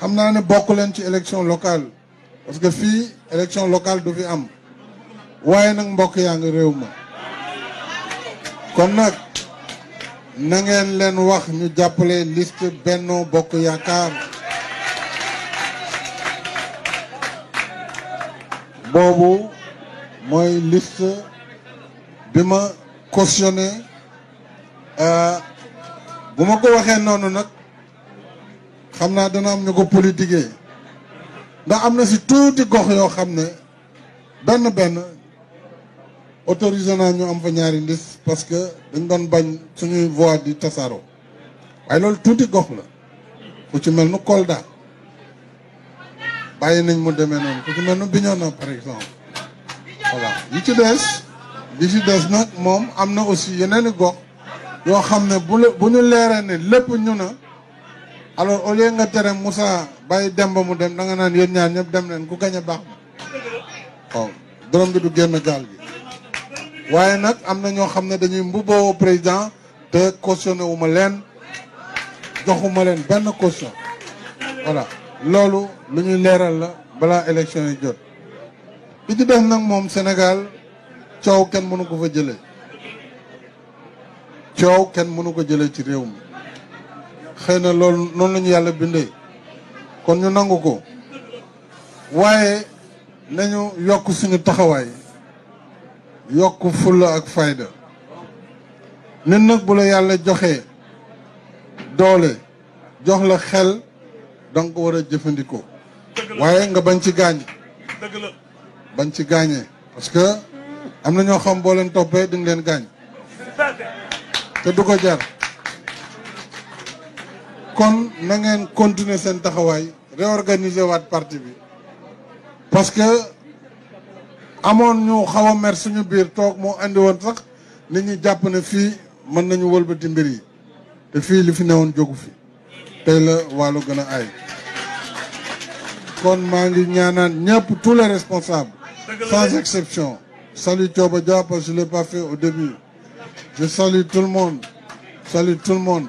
xam naa ne bokk leen ci élection locale parce que fii élection locale du fi am waaye nag mbokk yaa ngi réew ma kon nag na ngeen leen wax ñu jàppale liste Benno Bokk Yaakaar boobu mooy liste bi ma cautionné euh, bu ma ko waxee noonu nag xam dana am politiques, ko politiqué ndax amna ci si gox yoo a. ne ben ben autorisé à ñu am fa ñaari parce que dañ doon bañ suñu voix di tassaro waaye loolu touti gox la ku ci melnu Kolda nous nañ mu démé nous ku ci melnu par exemple voilà yi ci des yi ci des nag mom amna aussi yeneen gox bu ñu ne alors au lieu nga tere Moussa bàyyi Demba mu dem da nga naan yéen ñaar ñëpp dem leen ku gañ a baax ma waaw dorom bi du génn gaal gi waaye nag am na ñoo xam ne dañuy mbubboo président te cautionné wu ma joxuma leen benn caution voilà loolu lu ñu la balaa élection yi jot bi def Sénégal mënu ko fa mënu ko ci réew mi xëy na lool noonu lañu yàlla bindee kon ñu nangu ko waaye nañu yokk suñu taxawaay yokk fulla ak fayda nit nag bu la yàlla joxee doole jox la xel danga ko war a jëfandikoo waaye nga bañ ci gaañ bañ ci gaañee parce que am na ñoo xam boo leen toppee dinga leen gaañ te du ko jar kon na ngeen continuer seen taxawaay réorganiser waat parti parce que amoon ñu xaw a mer suñu biir toog moo andi woon sax nit ñi jàpp ne fii mën nañu wëlbati mbir yi te fii li fi fi la a tous les responsables sans exception salut Thioba parce que l'ai pas fait au début je salue tout le monde salue tout le monde